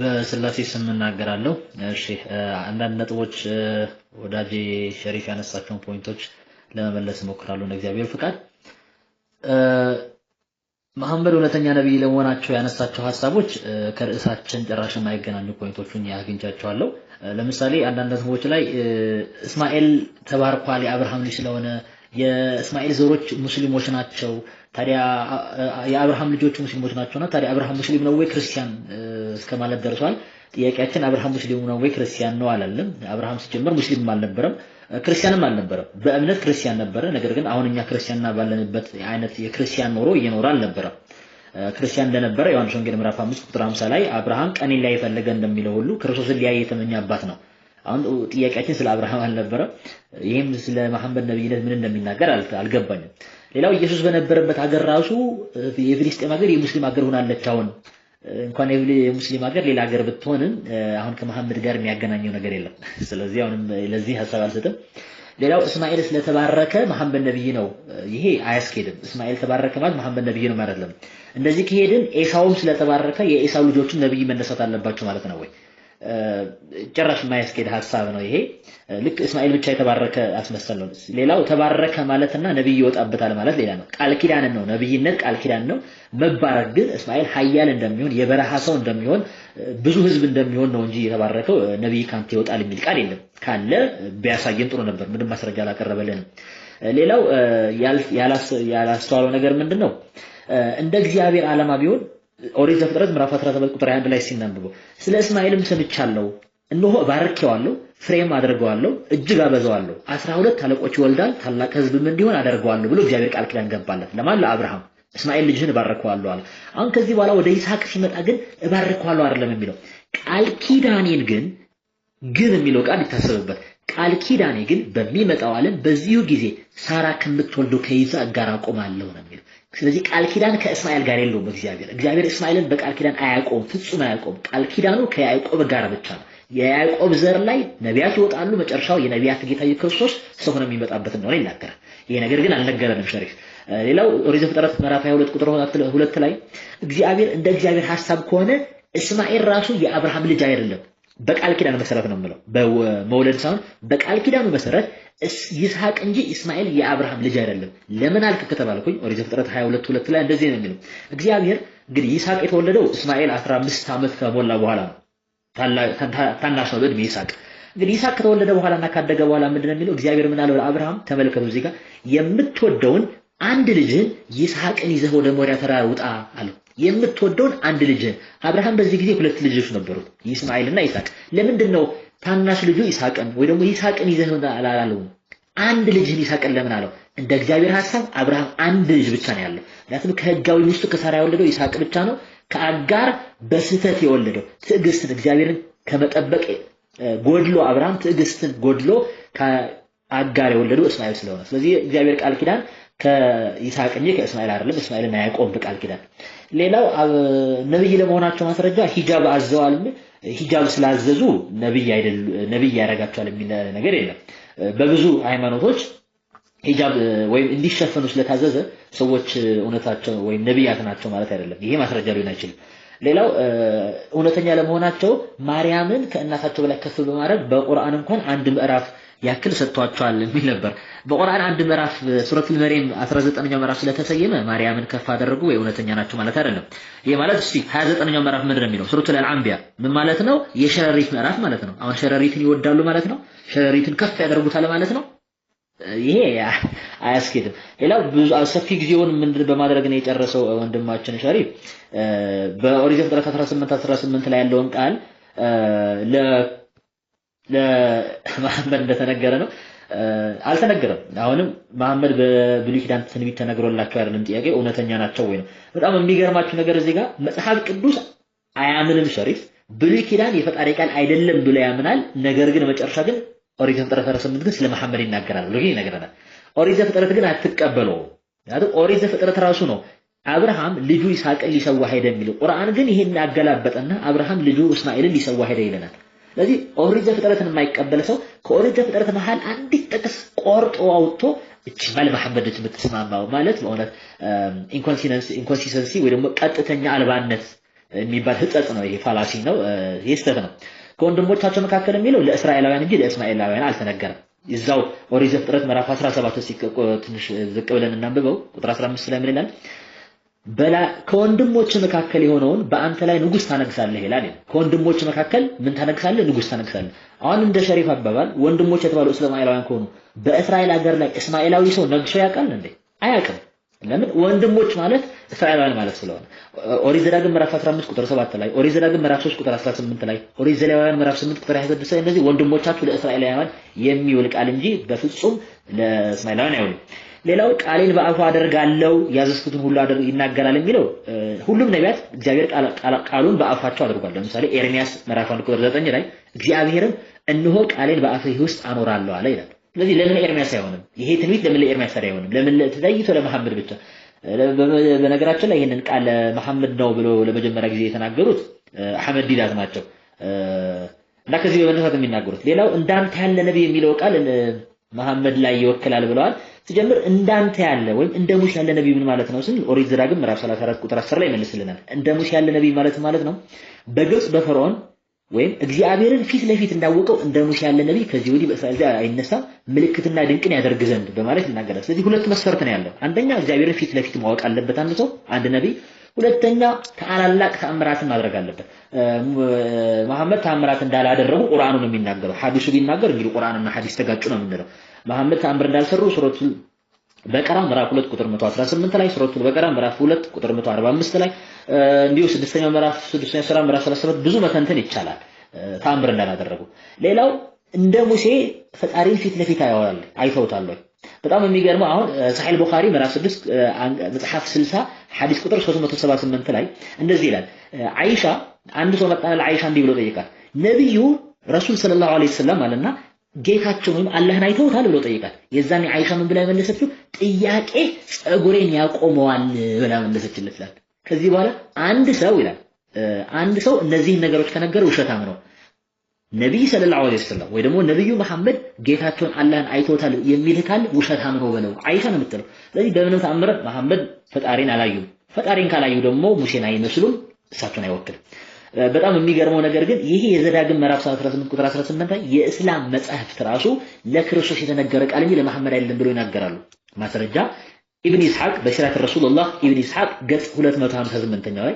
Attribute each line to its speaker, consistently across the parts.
Speaker 1: በስላሴ ስም እናገራለሁ። እሺ አንዳንድ ነጥቦች ወዳጄ ሸሪፍ ያነሳቸውን ፖይንቶች ለመመለስ እሞክራለሁ እንደ እግዚአብሔር ፍቃድ። መሐመድ እውነተኛ ነብይ ለመሆናቸው ያነሳቸው ሀሳቦች ከርዕሳችን ጭራሽ የማይገናኙ ፖይንቶቹን ያግኝቻቸዋለሁ። ለምሳሌ አንዳንድ ነጥቦች ላይ እስማኤል ተባርኳል የአብርሃም ልጅ ስለሆነ የእስማኤል ዘሮች ሙስሊሞች ናቸው። ታዲያ የአብርሃም ልጆች ሙስሊሞች ናቸውና ታዲያ አብርሃም ሙስሊም ነው ወይ ክርስቲያን ማለት ደርሷል። ጥያቄያችን አብርሃም ሙስሊም ነው ወይ ክርስቲያን ነው አላለም። አብርሃም ሲጀምር ሙስሊም አልነበረም ክርስቲያንም አልነበረም። በእምነት ክርስቲያን ነበረ። ነገር ግን አሁን እኛ ክርስቲያንና ባለንበት አይነት የክርስቲያን ኖሮ እየኖረ አልነበረም። ክርስቲያን እንደነበረ ዮሐንስ ወንጌል ምዕራፍ 5 ቁጥር 50 ላይ አብርሃም ቀኔን ሊያይ ፈለገ እንደሚለው ሁሉ ክርስቶስን ሊያይ የተመኘ አባት ነው። አሁን ጥያቄያችን ስለ አብርሃም አልነበረም። ይህም ስለ መሐመድ ነብይነት ምን እንደሚናገር አልገባኝም። ሌላው ኢየሱስ በነበረበት ሀገር ራሱ የፊልስጤም ሀገር የሙስሊም ሀገር ሆናለች። አሁን እንኳን የሙስሊም ሀገር ሌላ ሀገር ብትሆንም አሁን ከመሐመድ ጋር የሚያገናኘው ነገር የለም። ስለዚህ አሁንም ለዚህ ሀሳብ አልሰጥም። ሌላው እስማኤል ስለተባረከ መሐመድ ነብይ ነው፣ ይሄ አያስኬድም። እስማኤል ተባረከ ማለት መሐመድ ነብይ ነው ማለት አይደለም። እንደዚህ ከሄድን ኤሳውም ስለተባረከ የኤሳው ልጆችም ነብይ መነሳት አለባቸው ማለት ነው ወይ? ጭራሽ የማያስኬድ ሀሳብ ነው ይሄ። ልክ እስማኤል ብቻ የተባረከ አስመሰል ነው። ሌላው ተባረከ ማለትና ነብይ ይወጣበታል ማለት ሌላ ነው። ቃል ኪዳን ነው፣ ነብይነት ቃል ኪዳን ነው። መባረክ ግን እስማኤል ኃያል እንደሚሆን የበረሃ ሰው እንደሚሆን ብዙ ህዝብ እንደሚሆን ነው እንጂ የተባረከው ነብይ ካንተ ይወጣል የሚል ቃል የለም። ካለ ቢያሳየን ጥሩ ነበር። ምንም ማስረጃ አላቀረበልንም። ሌላው ያላስተዋለው ነገር ምንድን ነው? እንደ እግዚአብሔር ዓላማ ቢሆን ኦሪት ዘፍጥረት ምዕራፍ 17 ቁጥር 21 ላይ ሲናንብበው ስለ እስማኤልም ሰምቻለሁ፣ እነሆ ባርኬዋለሁ፣ ፍሬም አድርገዋለሁ፣ እጅግ አበዛዋለሁ፣ 12 አለቆች ይወልዳል፣ ታላቅ ሕዝብም እንዲሆን አደርገዋለሁ ብሎ እግዚአብሔር ቃል ኪዳን ገባለት። ለማን? ለአብርሃም። እስማኤል ልጅህን እባርከዋለሁ አለ። አሁን ከዚህ በኋላ ወደ ይስሐቅ ሲመጣ ግን እባርከዋለሁ አይደለም የሚለው ቃል ኪዳኔን ግን ግን የሚለው ቃል ይታሰብበት። ቃል ኪዳኔ ግን በሚመጣው ዓለም በዚሁ ጊዜ ሳራ ከምትወልደው ከይስሐቅ ጋር አቆማለሁ ነው የሚለው ስለዚህ ቃል ኪዳን ከእስማኤል ጋር የለውም። እግዚአብሔር እግዚአብሔር እስማኤልን በቃል ኪዳን አያቆም፣ ፍጹም አያቆም። ቃል ኪዳኑ ከያዕቆብ ጋር ብቻ ነው። የያዕቆብ ዘር ላይ ነቢያት ይወጣሉ። መጨረሻው የነቢያት ጌታ ክርስቶስ ሰሆነ የሚመጣበት እንደሆነ ይናገራል። ይሄ ነገር ግን አልነገረንም ሸሪፍ። ሌላው ኦሪት ዘፍጥረት ምዕራፍ 22 ቁጥር ሁለት ላይ እግዚአብሔር እንደ እግዚአብሔር ሐሳብ ከሆነ እስማኤል ራሱ የአብርሃም ልጅ አይደለም። በቃል ኪዳን መሰረት ነው የምለው፣ በመውለድ ሳይሆን በቃል ኪዳኑ መሰረት ይስሐቅ እንጂ እስማኤል የአብርሃም ልጅ አይደለም። ለምን አልክ ከተባልኩኝ ኦሪት ዘፍጥረት 22 2 ላይ እንደዚህ ነው የሚለው እግዚአብሔር እንግዲህ ይስሐቅ የተወለደው እስማኤል 15 ዓመት ከሞላ በኋላ ነው። ታናሽ ነው በእድሜ ይስሐቅ። እንግዲህ ይስሐቅ ከተወለደ በኋላና ካደገ በኋላ ምንድን ነው የሚለው እግዚአብሔር ምን አለው ለአብርሃም? ተመልከቱ እዚህ ጋር የምትወደውን አንድ ልጅህን ይስሐቅን ይዘህ ወደ ሞሪያ ተራራ ውጣ አለው። የምትወደውን አንድ ልጅህን አብርሃም በዚህ ጊዜ ሁለት ልጆች ነበሩት ይስማኤልና ይስሐቅ። ለምንድን ነው ታናሽ ልጁ ይስሐቅን ወይ ደግሞ ይስሐቅን ይዘህ አላላለው አንድ ልጅህን ይስሐቅን ለምን አለው? እንደ እግዚአብሔር ሐሳብ አብርሃም አንድ ልጅ ብቻ ነው ያለው። ምክንያቱም ከህጋዊ ሚስቱ ከሳራ የወለደው ይስሐቅ ብቻ ነው። ከአጋር በስህተት የወለደው ትዕግስትን እግዚአብሔርን ከመጠበቅ ጎድሎ አብርሃም ትዕግስትን ጎድሎ ከአጋር የወለደው እስማኤል ስለሆነ፣ ስለዚህ እግዚአብሔር ቃል ኪዳን ከይስሐቅ እንጂ ከእስማኤል አይደለም። እስማኤልን ያዕቆብ በቃል ኪዳን። ሌላው ነብይ ለመሆናቸው ማስረጃ ሂጃብ አዘዋል። ሂጃብ ስላዘዙ ነብይ አይደሉ ነብይ ያደርጋቸዋል የሚል ነገር የለም። በብዙ ሃይማኖቶች ሂጃብ ወይም እንዲሸፈኑ ስለታዘዘ ሰዎች እውነታቸው ወይም ነብያት ናቸው ማለት አይደለም። ይሄ ማስረጃ ሊሆን አይችልም። ሌላው እውነተኛ ለመሆናቸው ማርያምን ከእናታቸው በላይ ከፍ በማድረግ በቁርአን እንኳን አንድ ምዕራፍ ያክል ሰጥቷቸዋል የሚል ነበር። በቁርአን አንድ ምዕራፍ ሱረቱል መርየም 19ኛው ምዕራፍ ስለተሰየመ ማርያምን ከፍ አደረጉ ወይ እውነተኛ ናቸው ማለት አይደለም። ይህ ማለት እሺ 29ኛው ምዕራፍ ምንድን ነው የሚለው? ሱረቱል አልአንቢያ ምን ማለት ነው? የሸረሪት ምዕራፍ ማለት ነው። አሁን ሸረሪትን ይወዳሉ ማለት ነው። ሸረሪትን ከፍ ያደርጉታል ማለት ነው። ይሄ አያስኬድም። ሌላው ብዙ ሰፊ ጊዜውን ምንድን በማድረግ ነው የጨረሰው ወንድማችን ሸሪፍ በኦሪት ዘፍጥረት 18 18 ላይ ያለውን ቃል ለመሐመድ እንደተነገረ ነው አልተነገረም። አሁንም መሐመድ በብሉይ ኪዳን ትንቢት ተነግሮላቸው አይደለም። ጥያቄ እውነተኛ ናቸው ወይ ነው። በጣም የሚገርማችሁ ነገር እዚህ ጋር መጽሐፍ ቅዱስ አያምንም ሸሪፍ ብሉይ ኪዳን የፈጣሪ ቃል አይደለም ብሎ ያምናል። ነገር ግን መጨረሻ ግን ኦሪት ዘፍጥረት 38 ግን ስለ መሐመድ ይናገራል ብሎ ይነግረናል። ኦሪት ዘፍጥረት ግን አትቀበለው። ምክንያቱም ኦሪት ዘፍጥረት ራሱ ነው አብርሃም ልጁ ይስሐቅን ሊሰዋ ሄደ የሚለው። ቁርአን ግን ይሄን ያገላበጠና አብርሃም ልጁ እስማኤልን ሊሰዋ ሄደ ይለናል። ስለዚህ ኦሪት ዘፍጥረትን የማይቀበል ሰው ከኦሪት ዘፍጥረት መሃል አንዲት ጥቅስ ቆርጦ አውጥቶ እቺ እችማል መሐመድ የምትስማማው ማለት በእውነት ኢንኮንሲስተንሲ ወይ ደግሞ ቀጥተኛ አልባነት የሚባል ህጸጽ ነው። ይሄ ፋላሲ ነው፣ የስተት ነው። ከወንድሞቻቸው መካከል የሚለው ለእስራኤላውያን እንጂ ለእስማኤላውያን አልተነገረም። እዛው ኦሪት ዘፍጥረት ምዕራፍ 17 ትንሽ ዝቅ ብለን እናንብበው ቁጥር 15 ላይ ምን ይላል? ከወንድሞች መካከል የሆነውን በአንተ ላይ ንጉስ ታነግሳለህ ይላል። ከወንድሞች መካከል ምን ታነግሳለህ? ንጉስ ታነግሳለህ። አሁን እንደ ሸሪፍ አባባል ወንድሞች የተባሉ እስማኤላውያን ከሆኑ በእስራኤል ሀገር ላይ እስማኤላዊ ሰው ነግሶ ያውቃል እንዴ? አያውቅም። ለምን? ወንድሞች ማለት እስራኤላውያን ማለት ስለሆነ። ኦሪት ዘዳግም ምዕራፍ 15 ቁጥር 7 ላይ፣ ኦሪት ዘዳግም ምዕራፍ 3 ቁጥር 18 ላይ፣ ኦሪት ዘሌዋውያን ምዕራፍ 8 ቁጥር 26 ላይ እነዚህ ወንድሞቻችሁ ለእስራኤላውያን የሚውል ቃል እንጂ በፍጹም ለእስማኤላውያን አይሆንም። ሌላው ቃሌን በአፉ አደርጋለሁ ያዘዝኩትን ሁሉ ይናገራል የሚለው ሁሉም ነቢያት እግዚአብሔር ቃሉን በአፋቸው አድርጓል። ለምሳሌ ኤርሚያስ ምዕራፍ 1 ቁጥር 9 ላይ እግዚአብሔርም እነሆ ቃሌን በአፍህ ውስጥ አኖራለሁ አለ ይላል። ስለዚህ ለምን ኤርሚያስ አይሆንም? ይሄ ትንቢት ለምን ለኤርሚያስ አይሆንም? ለምን ተለይቶ ለመሐመድ ብቻ? በነገራችን ላይ ይህንን ቃል ለመሐመድ ነው ብሎ ለመጀመሪያ ጊዜ የተናገሩት አህመድ ዲዳት ናቸው እና ከዚህ በመነሳት የሚናገሩት ሌላው እንዳንተ ያለ ነብይ የሚለው ቃል መሐመድ ላይ ይወክላል ብለዋል። ሲጀምር እንዳንተ ያለ ወይም እንደ ሙሽ ያለ ነብይ ምን ማለት ነው ስንል ኦሪት ዘዳግም ምዕራፍ 34 ቁጥር 10 ላይ መልስልናል። እንደ ሙሽ ያለ ነብይ ማለት ማለት ነው በግብጽ በፈርዖን ወይም እግዚአብሔርን ፊት ለፊት እንዳወቀው እንደ ሙሽ ያለ ነብይ ከዚህ ወዲህ በእስራኤል አይነሳ ምልክትና ድንቅን ያደርግ ዘንድ በማለት ይናገራል። ስለዚህ ሁለት መስፈርት ነው ያለው። አንደኛ እግዚአብሔርን ፊት ለፊት ማወቅ አለበት አንድ ሰው አንድ ነብይ ሁለተኛ ታላላቅ ተአምራትን ማድረግ አለበት። መሐመድ ተአምራት እንዳላደረጉ ቁርአኑ ነው የሚናገረው። ሐዲሱ ቢናገር እንግዲህ ቁርአንና ሐዲስ ተጋጩ ነው የምንለው። መሐመድ ተአምር እንዳልሰሩ ሱረቱ በቀራ ምዕራፍ 2 ቁጥር 118 ላይ ሱረቱ በቀራ ምዕራፍ 2 ቁጥር 145 ላይ እንዲሁ ስድስተኛው ምዕራፍ ስድስተኛው ሱራ ምዕራፍ 37 ብዙ መተንተን ይቻላል ተአምር እንዳላደረጉ። ሌላው እንደ ሙሴ ፈጣሪን ፊት ለፊት አያወራል አይተውታል። በጣም የሚገርመው አሁን ሳሒል ቡኻሪ ምዕራፍ 6 መጽሐፍ 60 ሐዲስ ቁጥር 378 ላይ እንደዚህ ይላል። አይሻ አንድ ሰው መጣና አይሻ እንዲህ ብሎ ጠይቃት፣ ነቢዩ ረሱል ሰለላሁ ዐለይሂ ወሰለም አለና ጌታቸውን ወይም አላህን አይተውታል ብሎ ጠይቃት። የዛኔ አይሻ ምን ብላ የመለሰችው ጥያቄ ጸጉሬን ያቆመዋል ብላ መለሰችለት። ከዚህ በኋላ አንድ ሰው ይላል አንድ ሰው እነዚህን ነገሮች ከነገረ ውሸታም ነው ነቢይ ሰለላሁ ዐለይሂ ወሰለም ወይ ደግሞ ነቢዩ መሐመድ ጌታቸውን አላህን አይቶታል የሚል ካለ ውሸታም ነው በለው። አይሻ ነው የምትለው። ስለዚህ በምንም ተአምር መሐመድ ፈጣሪን አላዩም። ፈጣሪን ካላዩ ደግሞ ሙሴን አይመስሉም፣ እሳቸውን አይወክልም። በጣም የሚገርመው ነገር ግን ይሄ የዘዳግም ምዕራፍ 18 ቁጥር 18 ላይ የእስላም መጻሕፍት ራሱ ለክርስቶስ የተነገረ ቃል እንጂ ለመሐመድ አይደለም ብሎ ይናገራሉ። ማስረጃ ኢብን ኢስሐቅ በሲራት ረሱልላህ ኢብን ኢስሐቅ ገጽ 258 ላይ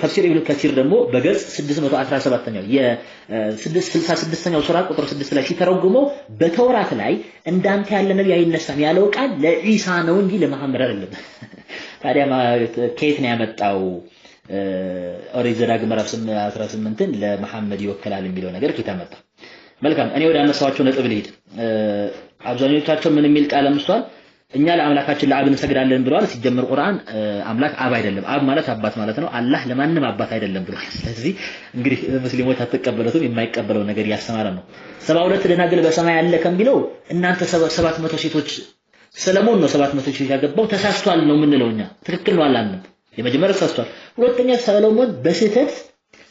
Speaker 1: ተፍሲር ኢብኑ ከሲር ደግሞ በገጽ 617ኛው የ666ኛው ሱራ ቁጥር 6 ላይ ሲተረጉመው በተውራት ላይ እንዳንተ ያለ ነብይ አይነሳም ያለው ቃል ለኢሳ ነው እንጂ ለመሐመድ አይደለም። ታዲያ ከየት ነው ያመጣው? ኦሪት ዘዳግም ምዕራፍ 18ን ለመሐመድ ይወክላል የሚለው ነገር ከየት አመጣው? መልካም እኔ ወደ አነሳኋቸው ነጥብ ልሂድ። አብዛኞቻቸው ምን የሚል ቃል አምስቷል? እኛ ለአምላካችን ለአብ እንሰግዳለን ብለዋል። ሲጀምር ቁርአን አምላክ አብ አይደለም፣ አብ ማለት አባት ማለት ነው። አላህ ለማንም አባት አይደለም ብለዋል። ስለዚህ እንግዲህ ሙስሊሞች አትቀበሉትም፣ የማይቀበለው ነገር እያስተማረ ነው። ሰባ ሁለት ደናግል በሰማይ አለ ከሚለው እናንተ ሰባት መቶ ሴቶች ሰለሞን ነው ሰባት መቶ ሴቶች ያገባው ተሳስቷል ነው የምንለው እኛ። ትክክል ነው አላልንም። የመጀመሪያ ተሳስቷል፣ ሁለተኛ ሰለሞን በስህተት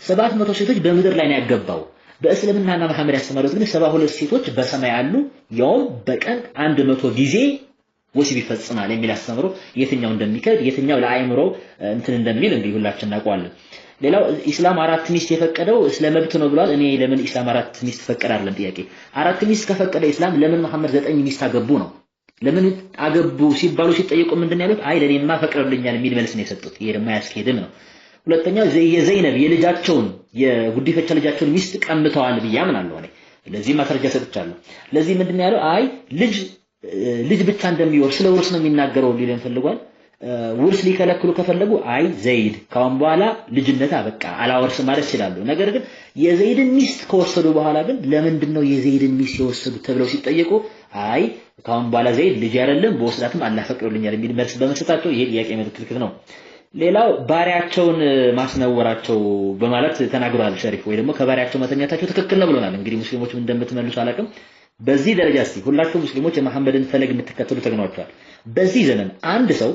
Speaker 1: ሰባት መቶ ሴቶች በምድር ላይ ነው ያገባው። በእስልምናና መሐመድ ያስተማሩት ግን ሰባ ሁለት ሴቶች በሰማይ አሉ፣ ያውም በቀን አንድ መቶ ጊዜ ወሲብ ይፈጽማል የሚል አስተምሮ የትኛው እንደሚከድ የትኛው ለአእምሮ እንትን እንደሚል እንዲህ ሁላችን እናውቀዋለን። ሌላው ኢስላም አራት ሚስት የፈቀደው ስለ መብት ነው ብሏል። እኔ ለምን ኢስላም አራት ሚስት ፈቀደ አይደለም ጥያቄ። አራት ሚስት ከፈቀደ ኢስላም ለምን መሐመድ ዘጠኝ ሚስት አገቡ ነው። ለምን አገቡ ሲባሉ ሲጠየቁ ምንድን ያሉት? አይ ለእኔማ ፈቅደውልኛል የሚል መልስ ነው የሰጡት። ይሄ ደግሞ አያስኬድም ነው። ሁለተኛ የዘይነብ የልጃቸውን የጉዲፈቻ ልጃቸውን ሚስት ቀምተዋል ብዬ አምናለሁ እኔ። ለዚህ ማስረጃ ሰጥቻለሁ። ለዚህ ምንድን ያለው? አይ ልጅ ልጅ ብቻ እንደሚወርስ ስለ ውርስ ነው የሚናገረው ሊለን ፈልጓል። ውርስ ሊከለክሉ ከፈለጉ አይ ዘይድ ካሁን በኋላ ልጅነት አበቃ አላወርስም ማለት ይችላሉ። ነገር ግን የዘይድን ሚስት ከወሰዱ በኋላ ግን ለምንድን ነው የዘይድን ሚስት የወሰዱት ተብለው ሲጠየቁ አይ ካሁን በኋላ ዘይድ ልጅ አይደለም በወስዳትም አላፈቅሩልኛል የሚል መልስ በመስጠታቸው ይሄ ጥያቄ ምልክት ነው። ሌላው ባሪያቸውን ማስነወራቸው በማለት ተናግሯል ሸሪፍ። ወይ ደግሞ ከባሪያቸው መተኛታቸው ትክክል ነው ብሎናል። እንግዲህ ሙስሊሞችም እንደምትመልሱ አላውቅም። በዚህ ደረጃ እስቲ ሁላችሁ ሙስሊሞች የመሐመድን ፈለግ የምትከተሉ ተግኗቸዋል። በዚህ ዘመን አንድ ሰው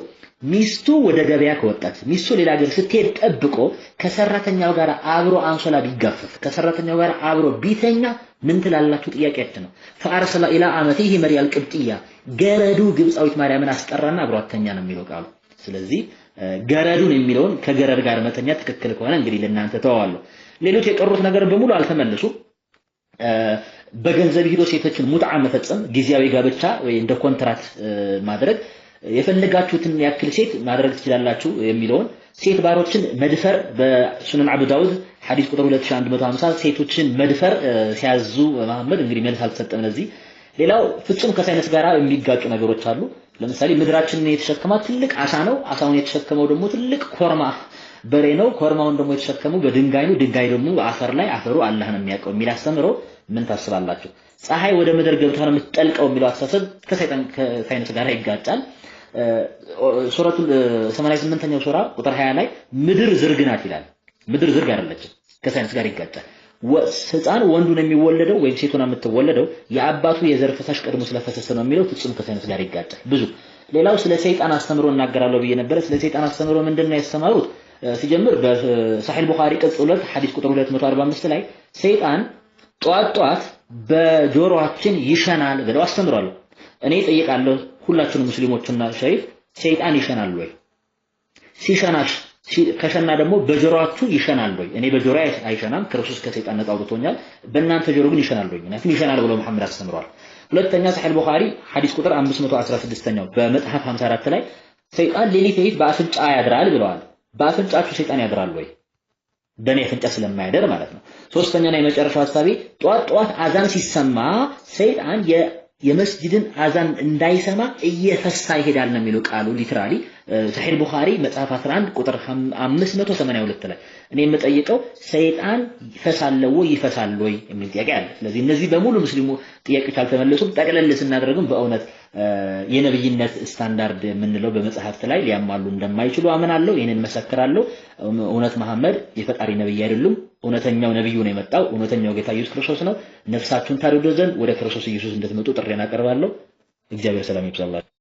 Speaker 1: ሚስቱ ወደ ገበያ ከወጣች ሚስቱ ሌላ ሀገር ስትሄድ ጠብቆ ከሰራተኛው ጋር አብሮ አንሶላ ቢጋፈፍ ከሰራተኛው ጋር አብሮ ቢተኛ ምን ትላላችሁ? ጥያቄያችን ነው። ፈአርሰላ ኢላ አመቲሂ መርያል ቅብጥያ ገረዱ ግብፃዊት ማርያምን አስጠራና አብሮ አተኛ ነው የሚለው ቃሉ። ስለዚህ ገረዱን የሚለውን ከገረድ ጋር መተኛ ትክክል ከሆነ እንግዲህ ለእናንተ ተዋዋለሁ። ሌሎች የቀሩት ነገር በሙሉ አልተመለሱም። በገንዘብ ሂዶ ሴቶችን ሙጣ መፈጸም፣ ጊዜያዊ ጋብቻ ወይ እንደ ኮንትራት ማድረግ፣ የፈለጋችሁትን ያክል ሴት ማድረግ ትችላላችሁ የሚለውን ሴት ባሮችን መድፈር በሱነን አቡ ዳውድ ሐዲስ ቁጥር 2150 ሴቶችን መድፈር ሲያዙ መሐመድ እንግዲህ መልስ አልተሰጠም ለዚህ። ሌላው ፍጹም ከሳይነስ ጋር የሚጋጩ ነገሮች አሉ። ለምሳሌ ምድራችንን የተሸከማት ትልቅ አሳ ነው። አሳውን የተሸከመው ደግሞ ትልቅ ኮርማ በሬ ነው፣ ኮርማውን ደግሞ የተሸከሙ በድንጋይ ነው፣ ድንጋይ ደግሞ አፈር ላይ አፈሩ አላህ ነው የሚያውቀው የሚል አስተምሮ ምን ታስባላችሁ? ፀሐይ ወደ ምድር ገብታ ነው የምትጠልቀው የሚለው አስተሳሰብ ከሰይጣን ከሳይንስ ጋር ይጋጫል። ሱረቱ 88ኛው ሱራ ቁጥር 20 ላይ ምድር ዝርግ ናት ይላል። ምድር ዝርግ አይደለችም፣ ከሳይንስ ጋር ይጋጫል። ህፃን ወንዱ ነው የሚወለደው ወይም ሴቱ የምትወለደው የአባቱ የዘር ፈሳሽ ቀድሞ ስለፈሰሰ ነው የሚለው ፍጹም ከሳይንስ ጋር ይጋጫል። ብዙ ሌላው ስለ ሰይጣን አስተምሮ እናገራለሁ ብዬ ነበረ። ስለ ሰይጣን አስተምሮ ምንድን ነው ያስተማሩት? ሲጀምር በሳሒል ቡኻሪ ቅጽ 2 ሐዲስ ቁጥር 245 ላይ ሰይጣን ጠዋት ጠዋት በጆሮአችን ይሸናል ብለው አስተምሯል። እኔ ጠይቃለሁ ሁላችንም ሙስሊሞችና ሸሪፍ ሰይጣን ይሸናል ወይ? ሲሸናሽ ከሸና ደግሞ በጆሮአችሁ ይሸናል ወይ? እኔ በጆሮ አይሸናም፣ ክርስቶስ ከሰይጣን ነፃ አውጥቶኛል። በእናንተ ጆሮ ግን ይሸናል ወይ? ምክንያቱም ይሸናል ብሎ መሐመድ አስተምሯል። ሁለተኛ ሳሒል ቡኻሪ ሐዲስ ቁጥር 516ኛው በመጽሐፍ 54 ላይ ሰይጣን ሌሊት ሌሊት በአፍንጫ ያድራል ብለዋል። በአፍንጫችሁ ሰይጣን ያድራል ወይ? በእኔ አፍንጫ ስለማያደር ማለት ነው። ሶስተኛና የመጨረሻው ሀሳቤ ጠዋት ጠዋት አዛን ሲሰማ ሰይጣን የመስጅድን አዛን እንዳይሰማ እየፈሳ ይሄዳል ነው የሚለው ቃሉ ሊትራሊ ሰሒህ ቡኻሪ መጽሐፍ 11 ቁጥር 582 ላይ እኔ የምጠይቀው ሰይጣን ይፈሳል ወይ ይፈሳል ወይ የሚል ጥያቄ አለ። ስለዚህ እነዚህ በሙሉ ሙስሊሙ ጥያቄዎች አልተመለሱም። ጠቅለል ስናደርግም በእውነት የነብይነት ስታንዳርድ የምንለው በመጽሐፍት ላይ ሊያሟሉ እንደማይችሉ አምናለሁ። ይህንን መሰክራለሁ። እውነት መሐመድ የፈጣሪ ነብይ አይደሉም። እውነተኛው ነብዩ ነው የመጣው። እውነተኛው ጌታ ኢየሱስ ክርስቶስ ነው። ነፍሳችሁን ታድኑ ዘንድ ወደ ክርስቶስ ኢየሱስ እንድትመጡ ጥሪን አቀርባለሁ። እግዚአብሔር ሰላም ይብዛላችሁ።